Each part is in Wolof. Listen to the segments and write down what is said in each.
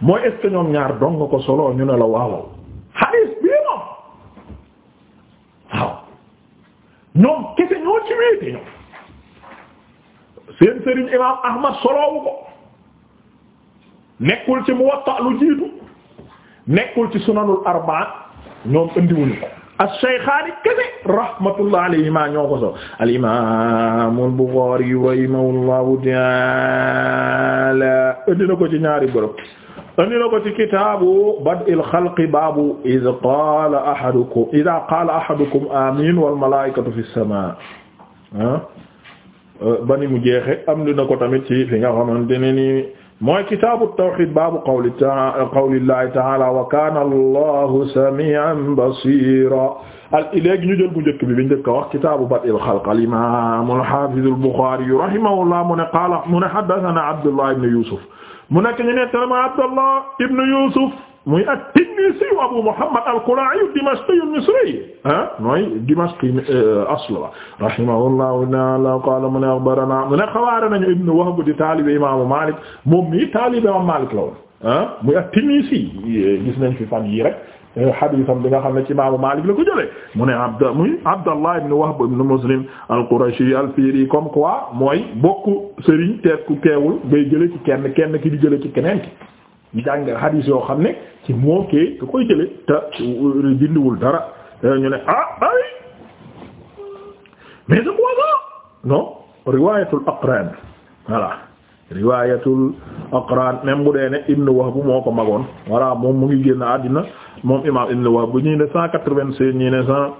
mooy est ñoom ñaar dong ko solo ñu ne la waaw hadis bii moom ñoom kese ñoo ci wéete ñoom seen sëriñ imaam Ahmad soloowu ko nekkul ci Muwatta lu nekkul ci sunanul arbaa ñoom indiwuñu ko as-Shaykhaani kese rahmatullah alayhima ñoo ko so al-imaam al-Bukhaari rahimahullahu ta'ala indi na ko ci ñaari bërëb andi na ko ci kitaabu bad'il xalqi baabu id qaala ahadukum ida qaala ahadukum amin wal malaikatu fi samaa ah bani mu jeexe am na ko tamit ci fi nga xamante ne nii mooy kitaabu tawxiid baabu qawli ta qawlillahi taala wa kaana allahu samian basira al léegi ñu jël bu njëkk bi bi njëkk a wax kitaabu bad'il xalq al imaam al haafiz al buxaari rahimahullah mu ne qaala mu ne haddasanaa abdullah ibn yusuf mu nekk ñu ne tama abdullah ibn yusuf muy at-Tinnisi Abu Muhammad al-Qula'i ad-Dimashqi al-Misri ah mooy Dimashqi euh, asl la rahimahullahu ta'ala qala mu ne akhbarana mu ne xabaare nañu Ibn Wahb di taalibe imaamu Malik moom mii taalibe imaamu Malik la woon ah muy at-Tinnisi gis nañ fi fan yii rek euh, xadiisam bi nga xam ne ci imaamu Malik la ko jëlee mu ne Abda muy Abdallah ibn Wahb ibn Muslim al-Qurashi al-Fihri comme quoi mooy bokk sëriñ teet ku teewul ngay jëlee ci kenn kenn ki di jëlee ci keneen ki jàng hadis yoo xam ne ci moo kee ku koy jële te dindiwul euh, dara euh, ñu ne ah ay mais c'est quoi ça non riwayatul aqran voilà riwayatul aqran même bu dee ne ibnu Wahb moo ko magoon voilà moom mu ngi génn àddina moom imam ibnu Wahb ñii ne cent quatre-vingt-seize ñii ne cent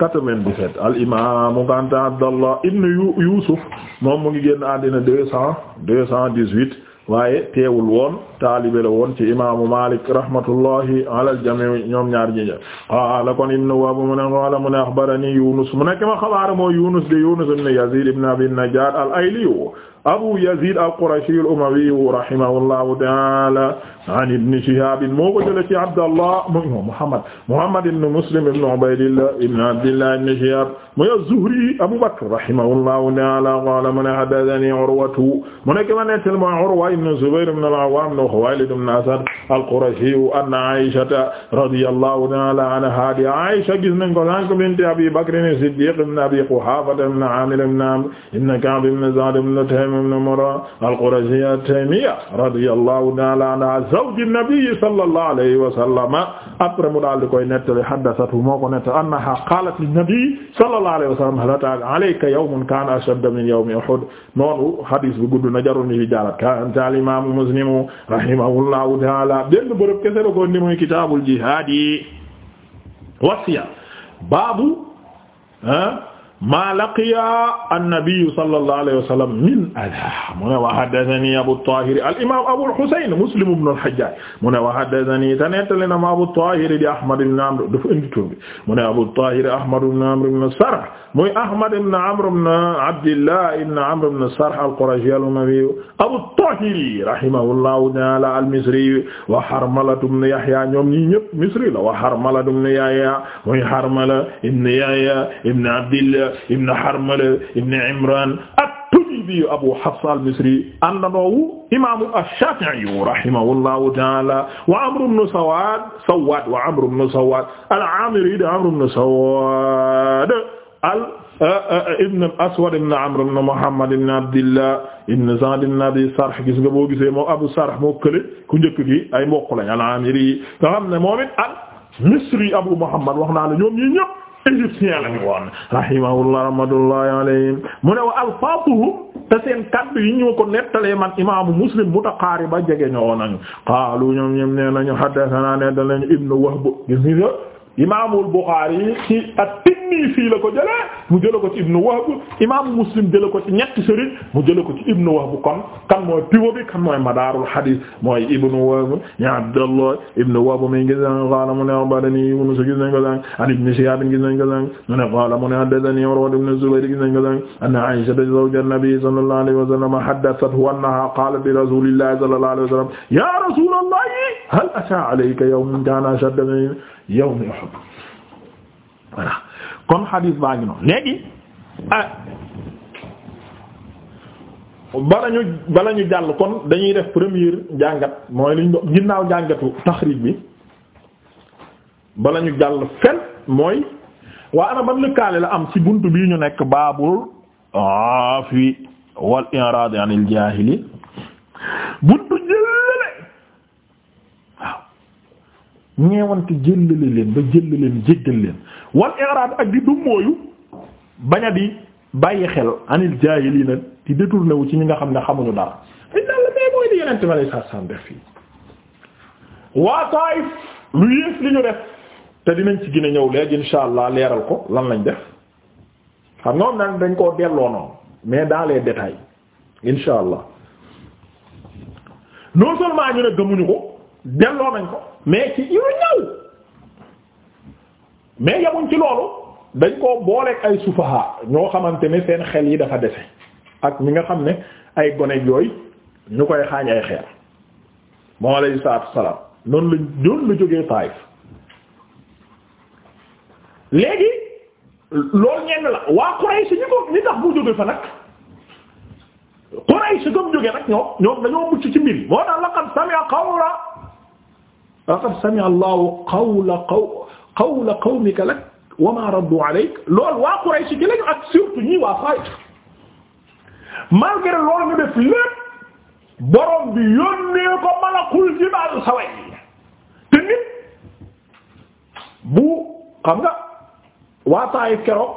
97 al imaamu Kanta Abdallah ibn Youssouf moom mu ngi génn àddina 200 218 waaye teewul woon taalibe la woon ci imaamu Malik rahmatullahi ala al-jamii ñoom ñaar ñi qaala kon ibn Wahb mu ne qaala mu ne axbarani Yunus mu nekk ma xabaar mooy Yunus de Yunus ibn Yazid ibn Abi Najjar al-Ayli Abu Yazid al-Qurashi al-Umawi rahimahullahu ta'ala an Ibn Shihab moo ko jëlee ci Abdallah Muhammad Muhammad ibn Muslim ibn Ubaydillah ibn Abdillah ibn Shihab muy az-Zuhri Abu Bakr rahimahullahu ta'ala qala man haddathani Urwatu mu nekk ma nettal mooy Urwa ibn Zubayr ibn al-Awwam ibn Khuwaylid ibn Asad al-Qurashi anna Aisha radiyallahu ta'ala anha di Aisha gis nañ ko sànq binti Abi Bakr as-Siddiq ibn Abi Quhafa ibn Amir ibn Amr ibn Ka'b ibn Za'd Ibrahim ibn Murra al-Qurashi at-Taymiya radiyallahu ta'ala anha zawji nabi sallallahu alayhi wa sallam après mu daal di koy nettali haddathatu moo ko nettali annaha qalat linnabi sallallahu alayhi wa sallam hal ata alayka yawmun kana ashadda min yawmi Uhud noonu hadis bi gudd na jarul ñu fi jaarat kaana al-imam Muslim rahimahullahu ta'ala benn bërëb kese la ko ni muy kitabul jihad yi wasiya baabu ah ma laqiya annabiyu sallallahu alayhi wa sallam min adaa mu ne wa haddathani Abu Tahir al-imam Abu al-Husayn Muslim ibn al-Hajjaj mu ne wa haddathani te nettali na ma Abu Tahir di Ahmad ibn Amr dafa indi tur bi mu ne Abu Tahir Ahmad ibn Amr ibn Sarh muy Ahmad ibn Amr ibn Abdillah ibn Amr ibn Sarh al-Qurashi al-Umawi Abu Tahiri rahimahullahu ta'ala al-Misri wa Harmala ibn Yahya ñoom ñi ñëpp Misri la wa Harmala ibn Yahya muy Harmala ibn Yahya ibn Abdillah ibn Harmala ibn Imran at-Tujibi Abu Hafs al-Misri àndandoowu imaamu ash-Shafi'i rahimahullahu ta'ala wa Amr ibn Sawad Sawad wa Amr ibn Sawad al-Amiri de Amr ibn Sawad al ibn al-Aswad ibn Amr ibn Muhammad ibn Abdillah ibn Sa'd ibn Abi Sarh gis nga boo gisee moom Abu Sarh moo kële ku njëkk gi ay mbokk lañ al-Amiri yi xam ne moom it misri Abu Muhammad wax naa la ñoom ñi ñëpp égyptien lañu woon rahimahullah rahmatullahi alayhim mu ne wa alfaatuhum te seen kaddu yi ñu ko nettalee man imaamu Muslim mutaqaariba jege ñoo nañu qaalu ñoom ñoom nee nañu haddathana ne danañu ibn Wahb gis nga imaamul Buxaari ci at-Tinnisi la ko jëlee mu jëlee ko ci Ibnu Wahb imaamu Muslim jëlee ko ci ñetti sëriñ mu jëlee ko ci Ibnu Wahb kon kan mooy pivot bi kan mooy madaarul hadiis mooy Ibnu Wahb ya Abdallah Ibnu Wahb mi ngi naan qaala mu ne axbaranii Yuunus gis nañ ko sànq an Ibnu Shihaab gis nañ ko sànq mu ne qaala mu ne haddasanii Urwa ibnu Zubayr gis nañ ko sànq anna Aysha zawja Nabi sallallahu alayhi wa sallam haddathathu annahaa qaalat li rasuulillahi sallallahu alayhi wa sallam ya rasuulallah hal ata alayka yawmun kana ashadda min yawmi Uhud voilà kon xadiis baa noonu léegi ah, bala ñu bala ñu jàll kon dañuy def première jàngat mooy liñ do ginnaaw jàngatu taxriij bi bala ñu jàll fen mooy waa ana ban lëkkaale la am ci bunt bii ñu nekk baabul afi wal i'raad anil jaahili buntu jël ñeewante jéllale leen ba jéllale leen jéggal leen wal i'rad ak di dummóoyu bañ bàyyi xel anil jaahiliina di détourné wu ci ñi nga xam ne xamuñu dara dañ naan la mais mooy li yenente ma lay sat def fii waa Taif lu yées li ñu def te dinañ ci gën a ñëw léegi insha allah leeral ko lan lañ def xam nga moom nag dañ koo delloo noonu mais dans les insha allah non seulement ñu ne gëmuñu ko delloo nañ ko mais ci yu ñaw mais yamuñ ci loolu dañ koo booleeg ay sufaha ñoo xamante ne seen xel yi dafa dese ak ñi nga xam ne ay gone yooyu ñu koy xaañ ay xeer moom alayhi salaatu salaam noonu la noonu la jógee Taayif léegi loolu ñenn la waa Quraysh ñi ko ñi tax bu jóge fa nag Quraysh gëm jóge nag ñoom ñoom dañoo mucc ci mbir yi moo tax laqad sami'a qawla laqad sami'a Allahu qawla qaw qawla qawmika lak wa ma raddu alayk loolu waa Quraysh ci lañu ak ñii waa Fayda malgré loolu ñu def lépp borom bi yónnee ko malakul jibaal saway te nit bu xam nga waa Taayif keroog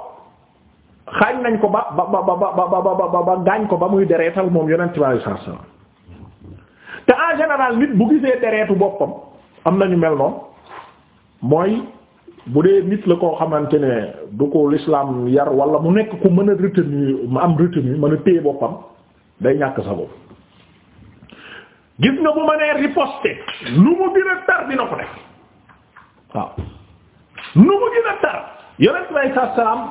xaañ nañ ko ba ba ba ba ba ba gaañ ko ba muy dereetal moom yonent bi sallallahu alayhi wasallam te en général nit bu gisee dereetu boppam. am nañu mel noonu mooy bu dee nit la koo xamante ne du ko l'islam yar wala mu nekk ku mën a retenir mu am retenir mën a téye boppam day ñàkk sa bopp gis nga bu ma nee riposter nu mu gën tar dina ko def waaw nu mu gën tar yonent bi alayhi salaam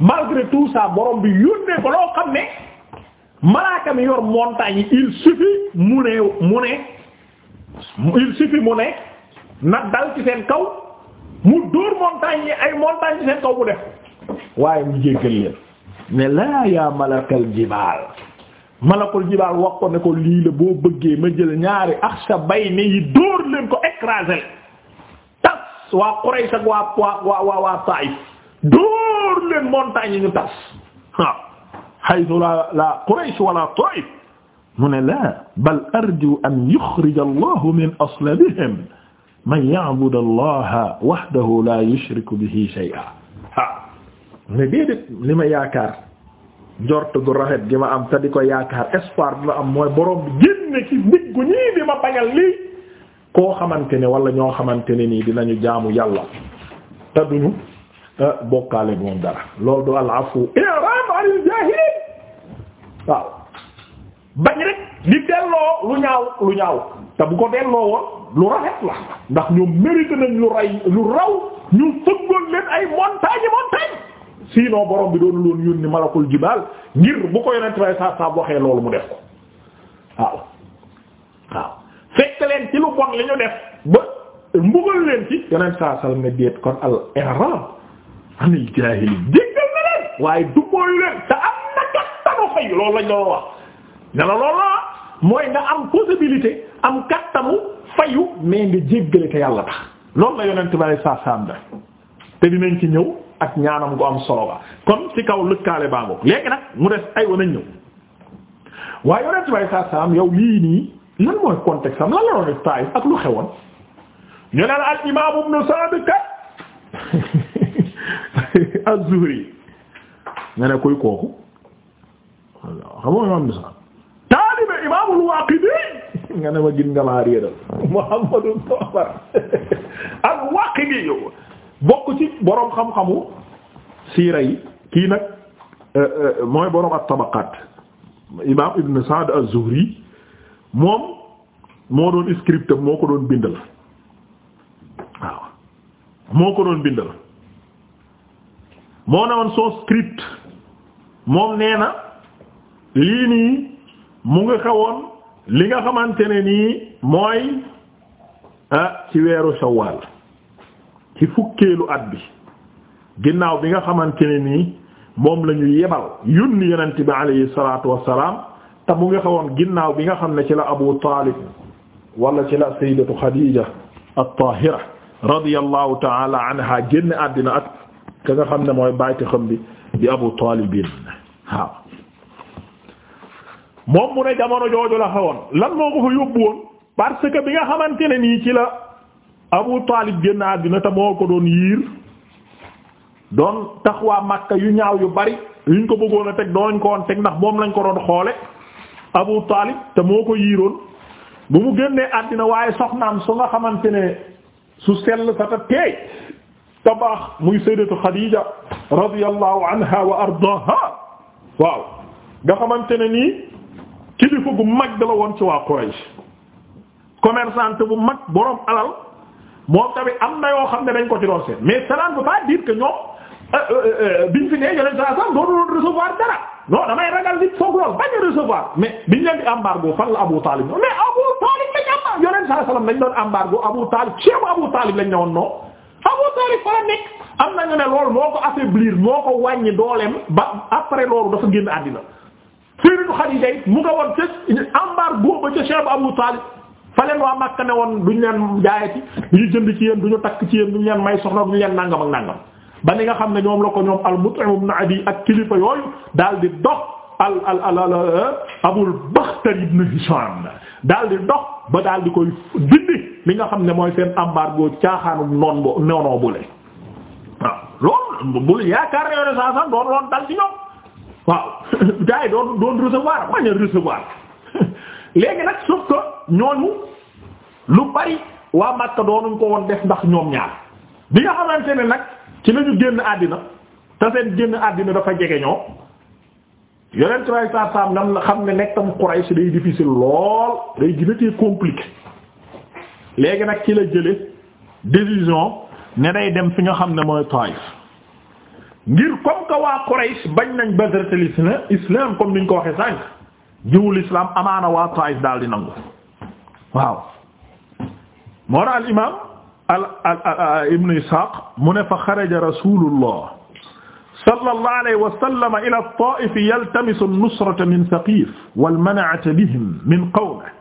malgré tout ça borom bi yónnee ko xam ne malaaka yor montagne il suffit mu ne mu ne il suffit mu ne nag dal ci seen kaw mu dóor montagne yi ay montagne ci seen kaw mu def waaye mu jéggal leen ne laa yaa malakal jibaal malakul jibaal wax ko ne ko lii la boo bëggee ma jël ñaari axsa bay ne yi dóor leen ko écraser tas waa Quraysh ak waa waa waa waa Taif dóor leen montagne yi ñu tas waaw haythu la la Quraysh wala Taif mu ne la bal arju an yuxrija allahu min aslabihim man ya'budu allaha wahdahu la yushriku bihi shay'a ah ne déedéet li ma yaakaar njort gu rafet gi ma am te di ko yaakaar espoir ma am mooy borom bi génne ci diggu ñii di ma bañal lii koo xamante ne wala ñoo xamante ne nii dinañu jaamu yàlla te duñu eh, bokkaale moom dara loolu du al afu i'rab anil jaahiliin bañ rek di delloo lu ñaaw lu ñaaw te bu ko delloo woon lu rafet la ndax ñoom mérité nañ lu ray lu raw ñu fëggoon leen ay montagne montagne sinon borom bi doon loon yónni malakul jibaal ngir bu ko yonent bay waxee loolu mu def ko waaw waaw fekk leen ci lu bon li ñu def ba mbugal leen ci yonent saa sallam ne déet kon al i'rab anil jaahili jéggal leen waaye du leen te am na kattanu fay loolu lañ doon wax ne la loolu mooy nga am possibilité am kattamu fayu mais nga jéggale te yàlla tax loolu na yonent bi saa saam da te dinañ ci ñëw ak ñaanam gu am solo ba kon ci kaw lëkkaale baango léegi nag mu des ay wan a ñëw waaye yonent bi saa saam yow lii nii lan mooy contexte am lan la doon def taay ak lu xewoon ñu ne la al imaam ne kuy kooku xam nga imaam ibn Sa'd al-Waaqidi nga ne ma gin nga maa réeral Muhammadu Safar al-Waaqidi yow bokk ci boroom xam-xamu siira yi kii nag eh, eh, mooy boroom at-Tabaqaat imaam Ibn Sa'd az-Zuhri moom moo doon script moo ko doon bindal waaw moo ko doon bindal moo ne woon soo script moom nee na lii nii mu ngi xewoon li nga xamante ne nii mooy ah, ci weeru shawwal ci fukkeelu at bi ginnaaw bi nga xamante ne nii moom la ñu yebal yónni yonent bi alayhi salaatu wassalaam te mu ngi xewoon ginnaaw bi nga xam ne ci la Abu Taalib wala ci la sayyidatu Khadija at-Tahira radiyallahu ta'ala anha génn àddina ak ka nga xam ne mooy bayti xam bi di Abu Taalibin waaw moom mu ne jamono jooju la xewoon lan moo ko fa yóbbu woon parce bi nga xamante ne nii ci la Abu Talib génn àddina te moo ko doon yiir doon tax waa Makka yu ñaaw yu bari yuñ ko bëggoon a teg dooñ ko teg ndax moom lañ ko doon xoole Abu Talib te moo ko yiiroon bu mu génnee àddina waaye soxnaam su nga xamante ne su sell sa te teey te muy sayyidatu Khadija radiyallahu anha waaw nga xamante ne nii kilifa gu mag la woon ci waa Quraysh commerçante bu mag boroom alal moo tamit am na yoo xam ne dañ ko ci doon mais cela ne veut que ñoom euh, euh, euh, biñ fi nee yeneen saa sax doon recevoir lool a recevoir mais biñ leen di la Abu Talib mais Abu Talib lañ am ah, yeneen saa dañ doon embargo Abu Talib ceebu Abu Talib lañ ne woon non am na ñu ne loolu moo ko affaiblir moo ko wàññi dooleem ba après loolu dafa génn àddina. jigéenu Xadiija it mu nga woon ca ambar booba ca Cheikh Abu Talib faleen waa Makka ne woon duñ leen jaayati duñu jënd ci yéen ñu takk ci yéen duñu leen may soxna duñu leen nangam ak nangam ba ni nga xam ne ñoom la ko ñoom al-Mut'im ibn Adi ak kilifa yooyu daal di dox al al al euh, Abul Bakhtari ibn Hisham daal di dox ba daal di koy dindi li nga xam ne mooy seen embargo caaxaanum noon bo noonoo bule waaw loolu bul yaakaar ne yoone saa sax doon waaw gars yi doon doon recevoir bañ a recevoir léegi nag sauf que ñooñu lu bari waa Makka doonuñ ko woon def ndax ñoom ñaar bi nga xamante ne nag ci la génn àddina te seen génn àddina dafa jege ñoo yeneen trois cent cent nam la xam ne nekkam Quraysh day difficile lool day gën a compliqué léegi nag ci la jële décision ne day dem fi nga xam ne mooy Taïf ngir comme que waa Quraysh bañ nañ badratul islam islam comme niñ ko waxee sànq jiwul islam amaana waa Taif daal di nangu waaw. moo tax al imaam al al al ibn Ishaq mu ne fa xaraja rasulullah sallallahu alayhi wa sallam ila at-Taif yaltamisu an-nusrata min Thaqif wal man'ata bihim min qawmihi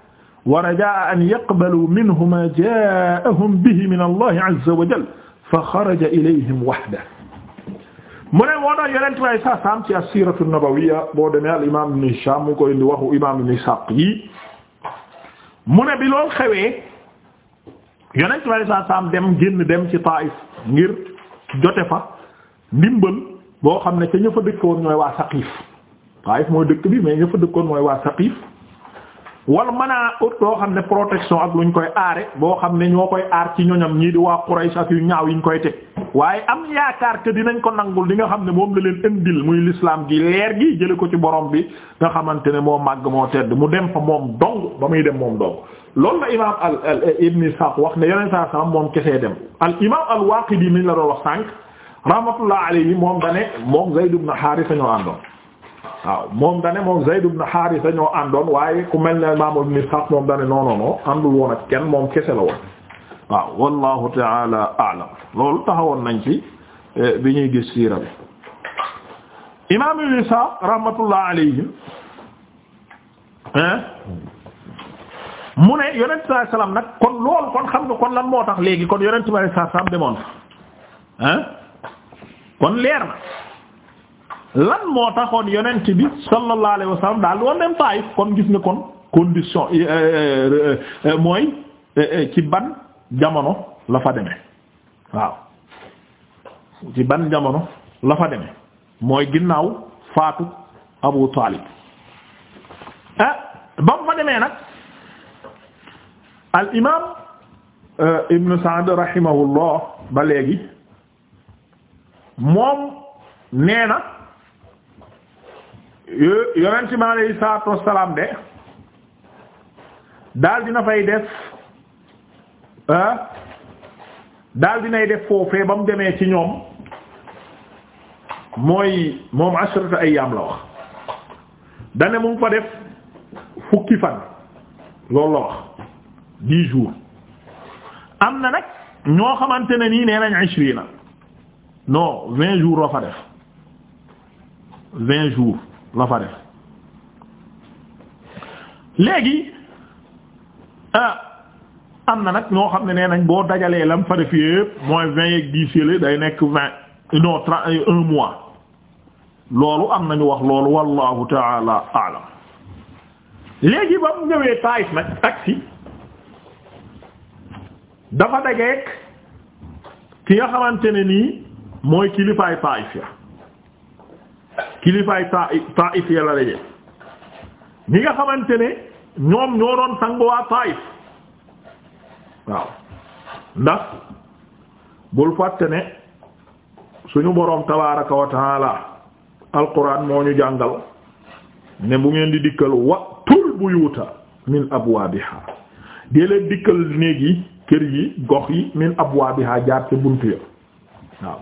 wa rajaa'a an yaqbalu minhu ma jaa'ahum bihi min Allah azza wa jalla fa xaraja ilayhim wahdahu mu ne moo tax yonent way sa sam ci as-siiratu nabawiyya boo demee al imam ibn Hishaam mu koy indi waxu imam ibn Ishaq yi mu ne bi lool xewee yonent way sa sam dem génn dem ci Taayif ngir jote fa ndimbal boo xam ne ca ña fa dëkkoon ñooy waa Saqiif Taayif mooy dëkk bi mais ña fa dëkkoon mooy waa Saqiif wala mën a loo xam ne protection ak lu ñu koy aare boo xam ne ñoo koy aar ci ñoñam ñii di waa Quraysh ak yu ñaaw yiñ koy teg waaye am yaakaar te dinañ ko nangul li nga xam ne moom la leen indil muy l'islam gi leer gi jële ko ci borom bi nga xamante ne moo màgg moo tedd mu dem fa moom dong ba muy dem moom dong loolu la imaam al ibn Ishaq wax ne yeneen sa salaam moom kese dem al imaam al Waaqidi mi ñu la doon wax sànq rahmatullah alayhi moom dane moom Zayd ibn Haarisa ñoo àndoon waaw moom dane moom Zayd ibn Haarisa ñoo àndoon waaye ku mel ne Imaam Ibn Ishaq moom dane non non non kenn moom kese la woon waaw wallahu ta'ala a'lam loolu taxawoon nañ ci eh, bi ñuy gis siira bi Imaam Ibn Ishaq rahmatullah alayhi mu ne yonent saa salaam kon loolu kon xam nga kon lan moo tax léegi kon yonent saa salaam demoon ah kon leer na lan moo taxoon yonent bi sallallahu alayhi wa sallam daal di dem Taif kon gis nga kon condition euh, euh, euh, mooy ci ban jamono la fa demee waaw ci ban jamono la fa demee mooy ginnaaw faatu Abu Talib ah ba mu fa demee nag al imaam Ibn Sa'd rahimahullah ba léegi moom nee na. yonent mi alayhi salaatu wassalaam de daal dina fay def ah, daal dinay def foofee ba mu demee ci ñoom mooy moom ashrata ayyaam la wax dane mu ngi fa def fukki fan loolu la wax dix jours am na nag ñoo xamante ne nii nee nañ ishrina non vingt jours la fa def vingt jours la fa def léegi ah am na nag ñoo xam ne nee nañ boo dajalee lam fa def yépp mooy vingt yeeg dix yële day nekk vingt non trente euh, un mois loolu am nañu wax loolu wallahu taala alam léegi ba mu ñëwee Taayif nag taksi dafa dajeek ki nga xamante ne nii mooy kilifaay Taayif ya kilifaay taa Taif ya la daje ñi nga xamante ne ñoom ñoo doon sangu waa Taif waaw ndax bul fàtte ne suñu boroom tabaaraka wa taala alquran moo ñu jàngal ne bu ngeen di dikkal watul buyuuta min abwaabiha dee leen dikkal néeg yi kër yi gox yi min abwaabiha jaar ca buntu ya waaw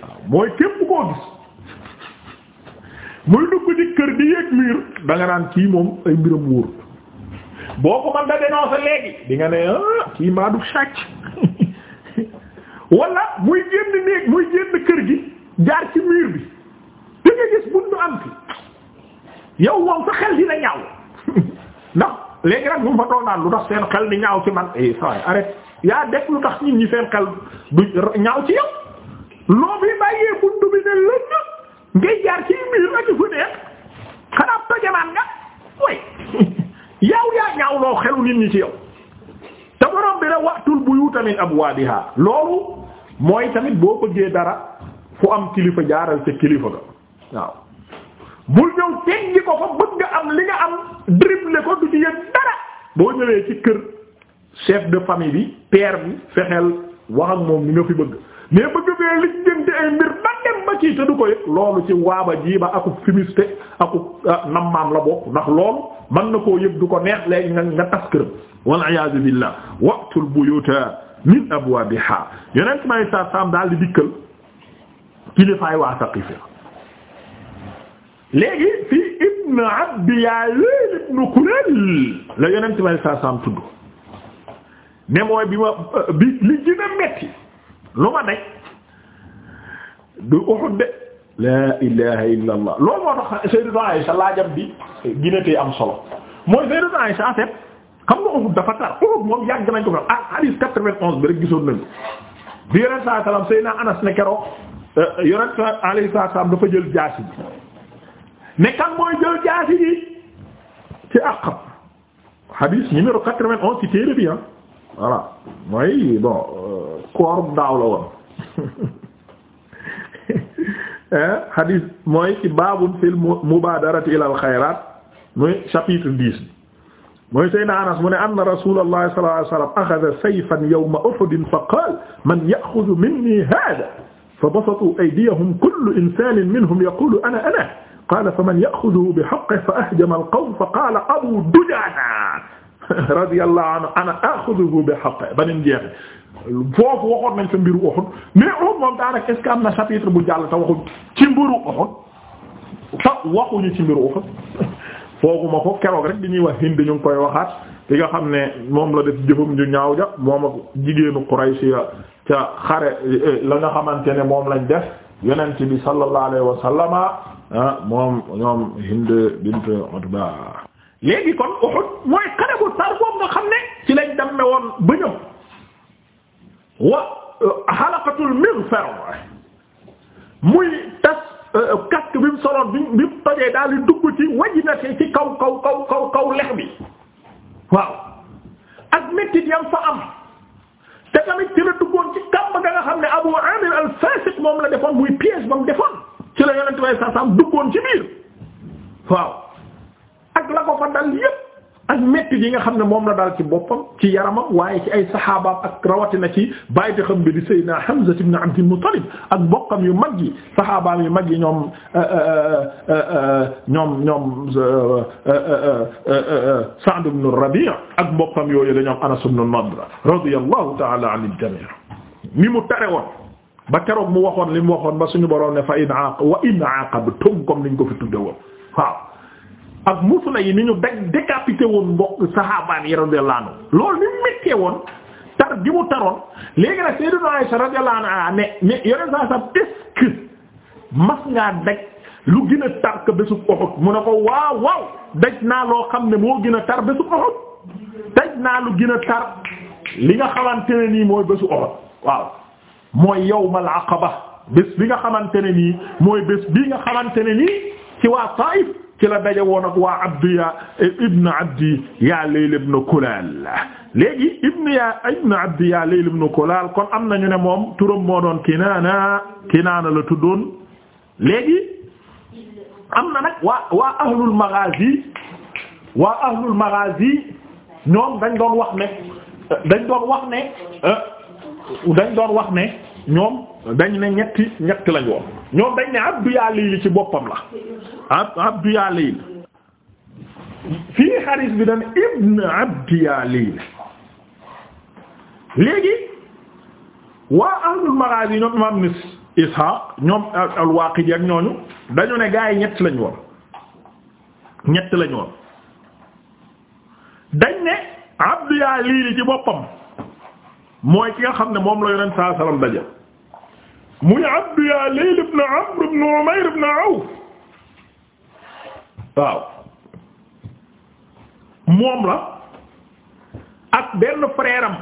waaw mooy képp koo gis muy dugg ci kër di yéeg miir da nga kii moom ay mbiram wóor boo ko mën da léegi di nga ne ah kii maa du sàcc wala muy génn néeg muy génn kër gi jaar ci miir bi da nga gis buntu am fi yow moom sa xel dina ñaaw ndax léegi nag mu fa toog naan lu tax seen xel di ñaaw ci man eh ça arrête yaa def lu tax nit ñi seen xel du ñaaw ci yow loo fi bàyyee buntu bi ne lënd. ngay jaar ci mbir ak fu nekk xanaa tojamaan nga way yaw yaa ñaaw xelu nit ñi ci yow te borom bi la waxtul buyuta min abwaabiha loolu mooy tamit boo bëggee dara fu am kilifa jaaral ca kilifa ga waaw bul ñëw teggi ko fa bëgg am li nga am dribble ko du ci yëg dara boo ñëwee ci kër chef de famille bi père bi fexeel wax ak moom ni nga fi bëgg mais bëgg fee lijjanti ay mbir ba dem ba ci te du ko yëg loolu ci waaba jiiba akub fumiste akub ah, nammaam la bokk ndax loolu mën na koo yëg du ko neex léegi nga nga tas këram wal daal di dikkal kilifaay waa Saqiif léegi fi ibn Abd Yaziid ibn Kulayl la yonent may sa tudd ne bi ma bi li metti lu ma daj du Uhud de laa ilaha illa loolu moo tax Sayyidatu Aisha laajam bi ginatee am solo mooy Sayyidatu Aisha en fait xam nga Uhud dafa tar Uhud moom yàgg nañ ko fa ah hadith quatre-vingt-onze bi rek gisoon nañu bi yonent saa salaam Seydina Anas ne keroog euh, yonent alayhi salaam dafa jël jaasi ji ne kan mooy jël jaasi ji ci Aqab hadith numéro quatre-vingt-onze ci téere bi ah voilà mooy bon euh, koorub daaw la woon eh, hadith mooy ci baabun fil mubaadarati ilal xayraat muy chapitre dix mooy Seydina Anas mu ne anna rasuulallahi sallallahu alayhi wa sallam axada sayfan yawma Uhud fa qaala man ya'xuzu minni haaza fa basatuu aydiyahum kullu insaanin minhum yaquulu ana ana qaala faman ya'xuzuhu bi haqqihi fa ahjama al-qawm fa qaala Abuu Dujaana radiyallahu anhu ana axuduhu bi haqqi ba nim jeexe foofu waxoon nañ fa mbiru Uhud mais Uhud moom daanaka est-ce am na chapitre bu jàll te waxuñ ci mbiru Uhud te waxuñu ci mbiru ko keroog rek di ñuy wax Hind ñu koy waxaat li nga xam ne moom la def jëfum ju ñaaw ja moom ak jigéenu Quraysh ya ca xare la nga xamante ne moom lañ def yonent bi sallallahu alayhi wa sallama ah, moom ñoom Hind bint Utba léegi kon Uhud mooy xare bu boobu nga xam ne ci lañ dem ne woon ba ñëw wa euh, halaqatul mighfar muy tas euh, casque bi mu soloon bi bi mu tojee daal di dugg ci wàññi na ci kaw kaw kaw kaw kaw lex bi waaw ak mettit yam fa am te tamit ci la duggoon ci kàmb ga xam ne Abu Amir al-Fasiq moom la defoon muy piège ba mu defoon ci la Yonent bi sallallahu duggoon ci biir waaw. ak la ko fa dal yépp ak metti yi nga xam ne moom la dal ci boppam ci yaramam waaye ci ay saxaabaam ak rawatina ci bàyyite xam bi di Seydina Hamza ibn Abdul Muttalib ak bokkam yu mag yi saxaabaam yu mag yi ñoom euh, euh, euh, ñoom ñoom Sa'd ibn Rabi' ak bokkam yooyu la ñoom Anas ibn Nadr radiyallahu ta'ala anil jami' ni mu tere woon mu waxoon li mu waxoon ba suñu boroom ne fa in aaq wa in aaqabtum comme ko fi tudde woon ak musula yi ni ñu daj décapité woon mbokk saxaabaan yi radiyallahu anhu loolu ni méttee woon tar gi mu taroon léegi nag Sayyidatu Aisha radiyallahu anha ne ne yoneen saa sam est-ce mas ngaa daj lu gën a tar ka bésub Uhud mu ne ko waaw waaw daj naa loo xam ne moo gën a tar bésub Uhud daj naa lu gën a tar li nga xamante ne nii mooy bésu Uhud waaw mooy yawmal aqaba bés bi nga xamante ne nii mooy bés bi nga xamante ne nii ci waa Taif ci la daje woon ak waa Abdiya ibn Abdi yaa Layl ibn Kulal léegi ibn ya ibn Abdi yaa Layl ibn Kulal kon am nañu ne moom turam moo doon Kinaana Kinaana la tuddoon léegi am na nag waa waa ahlul waa ahlul maghazi ñoom dañ doon wax ne dañ doon wax ne euh, dañ doon wax ne ñoom dañ ne ñetti ñetti lañ woon ñoom dañ ne abdu yaa layli ci boppam la ab abdu yaa layli fii xaris bi dañ ibn abdu yaa layli léegi waa ahlul maghazi ñoom imam ni isha ñoom al-Waaqidi ak ñooñu dañu ne gaa yi ñett lañ woon lañ dañ ne abdu yaa layli ci boppam mooy ki nga xam ne moom la yonent saa salaam muy Abdu yaa Layl ibn Amr ibn Umayr ibn Awf moom la ak benn frère am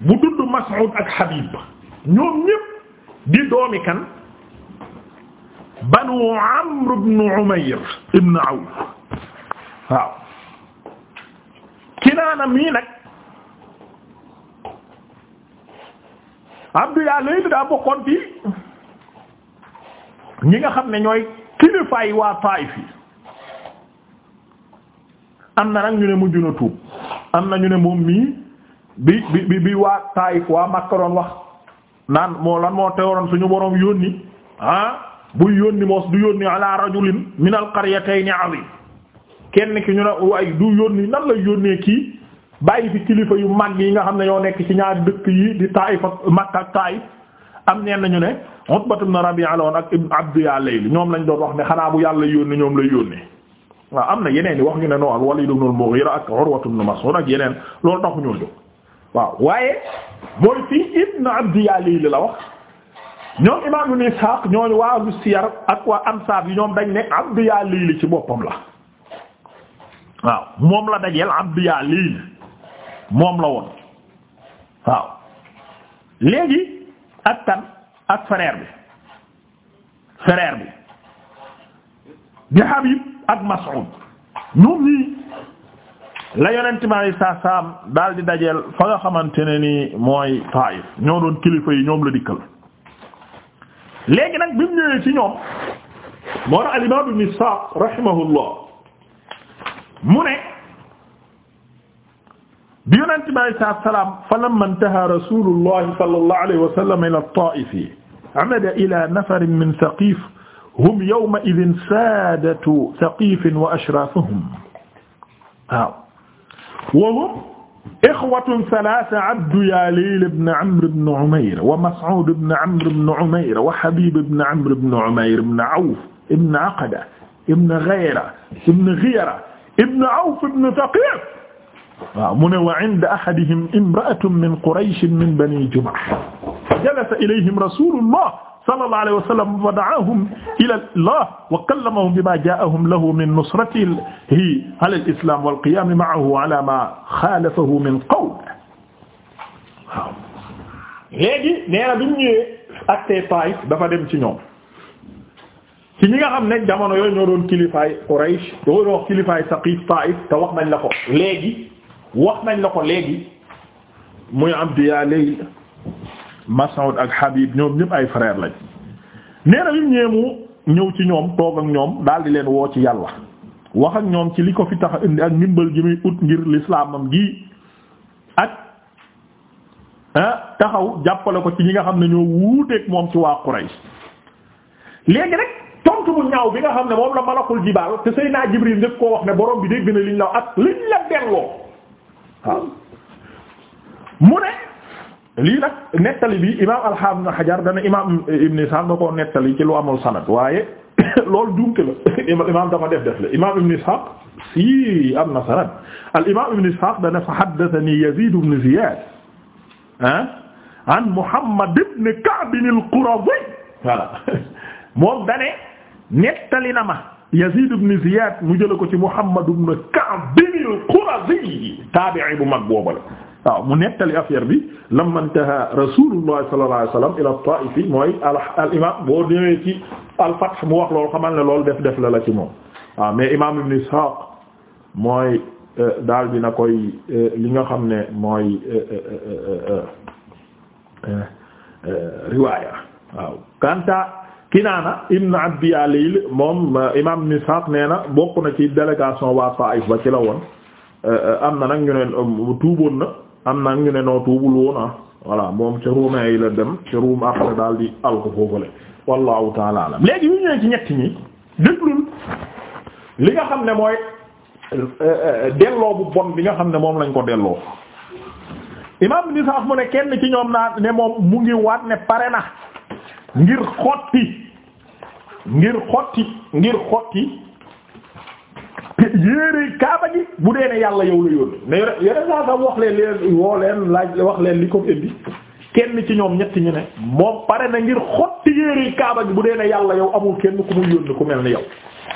bu dudd Mas'ud ak Habib ñoom ñépp di doomi kan Banu Amr ibn Umayr ibn Awf waaw Kinaana mii nag Abdou yaa léegi daa bokkoon ci ñi nga xam ne ñooy kilifaay waa Taayif yi am na nag ñu ne mujj na tuub am na ñu ne moom mii bi bi bi waa Taayif waa Makka doon wax naan moo lan moo teewoon suñu boroom yónni ah buy yónni moos du yónni ala rajulin min al qaryatayn azim kenn ki ñu ne waaye du yónni nan la yónnee kii. bàyyi fi kilifa yu mag yi nga xam ne ñoo nekk ci ñaari dëkk yi di Taif ak Makka ak am nen nañu ne Utbat ibn Rabi'a la woon ak ibn Abdu ya ñoom lañ doon wax ne xanaa bu yàlla yónnee ñoom lay yónnee waaw am na yeneen yi wax ñu ne noo ak Walid ibn al-Mughira ak Urwa ibn Mas'ud yeneen loolu taxu ñoo waaye la wax ñoom imam waa siyar ak waa yi ñoom dañ ne Abdu ya ci boppam la waaw moom la dajeel Abdu ya moom la woon waaw léegi ak tan ak frère bi frère bi di Habib ak Mas'ud ñoom ñii la yonent mi alay daal di dajeel fa nga xamante ne ni mooy Taif ñoo doon kilifa yi ñoom la dikkal léegi nag bi mu ñëwee ci ñoom moo tax al-imam Ibn Ishaq rahimahullah mu ne bi yonent bi alayhi salaatu wa salaam falammaa intahaa rasuulullahi sallallahu alayhi wa sallam ilaa at-Taa'if amada ilaa nafarin min Saqiif hum yawma'idhin saadatu Saqiif wa ashraafuhum waaw wa hum ixwatun salaasa Abdu Yaaliil ibn Amr ibn Umayr wa Mas'uud ibn Amr ibn Umayr wa Habiib ibn Amr ibn Umayr ibn Awf ibn Aqda ibn Ghayra ibn Ghiyara ibn Awf ibn Saqiif waaw mu ne wa inda ahadihim imra'atun min quraysh min bani jumah fa jalasa ilayhim rasulullah sallallahu alayhi wa sallam wa da'ahum ila Allah wa kallamahum bima ja'ahum lahu min nusratihi ala al-islam wal qiyam ma'ahu ala ma khalafahu min qawl waaw léegi nee na bi mu ñëwee ak tey Taif dafa dem ci ñoom ci ñi nga xam ne jamono yooyu ñoo doon kilifaay Quraysh doo doon wax kilifaay Saqif Taif te wax nañ la ko léegi wax nañ la ko léegi muy Abdiya léegi Mas'ud ak Habib ñoom ñëpp ay frère lañ nee na bi mu ñëw ci ñoom toog ak ñoom daal di leen woo ci yàlla wax ak ñoom ci li ko fi tax indi ak ndimbal gi muy ut ngir lislaamam gi ak ah, taxaw jàppale ko ci ñi nga xam ne ñoo wuuteeg moom ci waa Quraysh léegi rek tontu bu ñaaw bi nga xam ne moom la malakul jibaal te Seydina Jibril njëkk koo wax ne borom bi dégg na liñ la ak liñ la delloo. waaw mu ne lii nag nettali bi imaam al-Hafiz Ibn Hajar dana imaam Ibn Ishaq da koo nettali ci lu amul sanad waaye loolu jumte la imaam dafa def def la imaam Ibn Ishaq si am na sanad al-imaam Ibn Ishaq dana fa haddathani Yazid ibn ah, ibn Ka'b al-Qurazi voilà moom dane nettali na ma Yazid ibn Ziyad mu jël ko ci Muhammad ibn Ka'b al-Qurazi taabi'i bu mag boobu la waaw mu nettali affaire bi lamma intaha rasulullah sallallahu alayhi wasallam ila at-Taa'if mooy al imam boo ñëwee ci al-Fath mu wax loolu xamal ne loolu def def la la ci moom waaw mais imam Ibn Ishaq mooy euh, daal dina koy euh, li nga xam ne mooy euh, riwaaya waaw kanta Kinaana ibn Abdi Alayl moom euh, imaam Ibn Ishaq na bokk na ci délégation waa Taif ba ci la woon euh, euh, am na nag ñu ne um, tuuboon na am na ñu ne noo tuubul woon ah moom ca Romain yi la dem ca Roum après daal di àll ko foofule wallahu léegi ñu ñëwee ci ñetti ñi déglul li nga xam ne mooy delloo bu bon bi nga xam ne moom lañ ko delloo imaam Ibn Ishaq mu ne kenn ci ñoom naa ne moom mu ngi waat ne pare na. ngir xotti ngir xotti ngir xotti yéere kaaba gi bu dee ne yàlla yow la yónni mais yeneen saa sax wax leen leen woo leen laaj wax leen li ko indi kenn ci ñoom ñetti ñu ne moom pare na ngir xotti yéere kaaba gi bu dee ne yàlla yow amul kenn ku muy yónni ku mel ni yow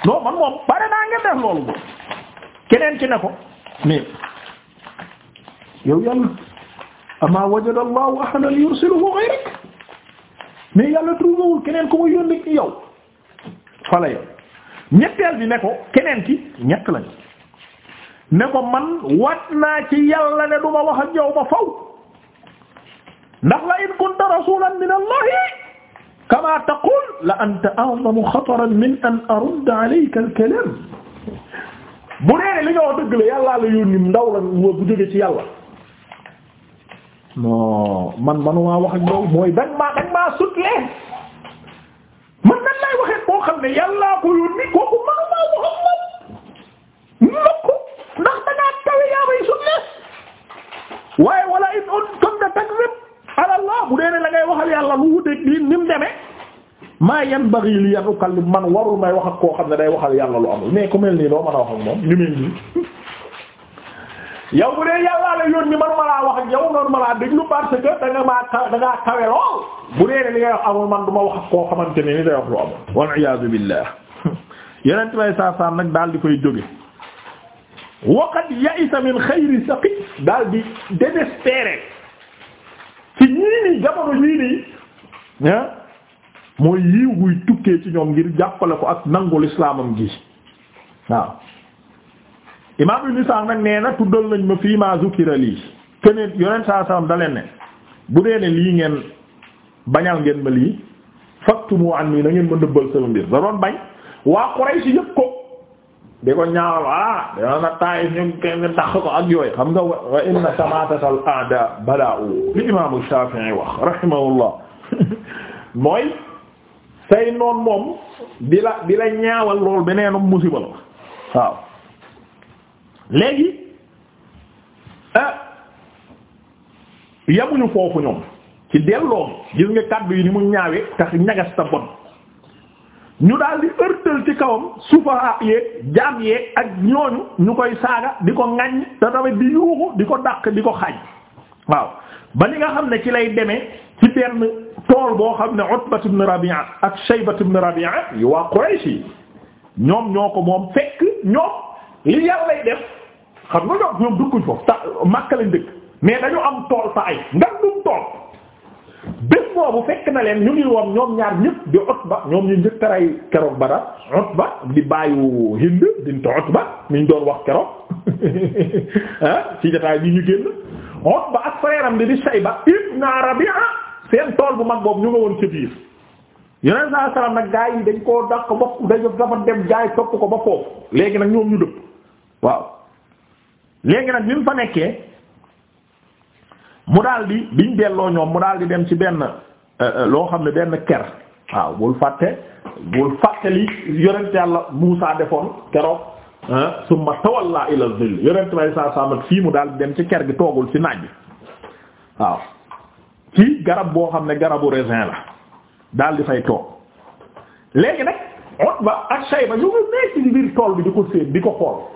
non man moom pare naa ngeen def loolu moom keneen ci ne ko mais yow yàlla amaa wajada allahu ahadan yursiluhu ghayrak mais yàlla trouvé wul keneen ku ma yónni ci yow fa la yow ñetteel bi ne ko keneen ki ñett lañu ne ko man wat naa ci yàlla ne du ma wax ak yow ba faw ndax la in kunta rasulan min allahi kama taqul la anta a'zamu xataran min an arudda alayka al-kalam bu dee li nga wax dëgg la yàllaa la yónni ndaw la bu jóge ci yàlla non man manumaa wax ak mooy dañ maa dañ maa sutlee man nan laay waxee boo xam ne yàllaa ko yónni kooku manumaa wax ak moom mokk ndax dangaa tawe yaa may waaye wala in on comme ne la ngay waxal yàlla lu wuteeg lii ni li an ukallim man warul may wax ak koo xam ne day waxal yàlla lu amul mais ku mel nii doo mën a wax ak moom ñu mel nii yow bu dee yàllaa la yónni manuma laa wax ak yow manuma laa déglu parce que da nga maa ka da ngaa lool bu dee li ngay amul man du wax koo xamante ne ni day wax lu amul. wal iyaazu billaah yeneen tubay saa saa nag daal di koy jóge waqad ya'isa min xayri saqif daal di désespéré ci ñii nii jamono ñii ah, mooy yiiw tukkee ci ñoom ngir jàppale ko ak nangul islaamam gi waaw. imaam ibn Sa'd nag nee na tuddal nañ ma fii ma zukira lii keneen yonent saa salaam da ne bu dee ne lii ngeen bañal ngeen ma lii faktumu anni na ngeen ma nëbbal sama mbir da doon bañ waa Quraysh yëpp ko di ko ñaawal ah dana na taayif ñu kenn tax ko ak yooyu xam nga wa inna samaatatal aada balaa'u li imaamu Shaafi'i wax rahimahullah mooy say noon moom di la di la ñaawal lool beneenum musiba la waaw léegi ah, yamuñu foofu ñoom ci delloom gis nga kàddu yi ni mu ñaawe tax ñagas ta bon ñu daal di ci kawam sufaha ah yeeg jaam yeeg ak ñooñu ñu koy saaga di ko ŋaññ te di yuuxu di ko dàq di ko xaañ waaw ba li nga xam ne ci lay demee ci benn tool boo xam ne Utbat ibn Rabi'a ak Shaybat ibn Rabi'a yi waa Quraysh yi ñoom ñoo ko moom fekk ñoom li yàlla def xam nga ñoom ñoom dëkkuñ foofu ta Makka lañ dëkk mais dañu am tool fa ay ngan dum tool bés boobu fekk na leen ñu ngi woon ñoom ñaar ñëpp di Utba ñoom ñu njëkk a rey keroog Badar Utba di bàyyu Hind bint Utba mi doon wax keroog ah ci jotaay bi ñu génn Utba ak frère am di di Shayba ibn Rabi'a seen tool bu mag boobu ñu nga woon ci biir yeneen saa salaam nag gaa yi dañ koo dàq ba dañu dafa dem gaa yi topp ko ba foofu léegi nag ñoom ñu dëpp waaw léegi nag bi mu fa nekkee mu daal di biñ delloo ñoom mu daal di dem ci benn euh, euh, loo xam ne benn ker waaw bul fàtte bul fàtte li yonent yàlla Muusaa defoon keroog summa tawalla ila zil yonent may saa saa fii mu daal di dem ci ker gi toogul ci naaj waaw ci garab boo xam ne garabu raisin la daal di fay toog léegi nag Utba ak Shayba ñu ngi nekk ci biir tool bi di ko séen di ko xool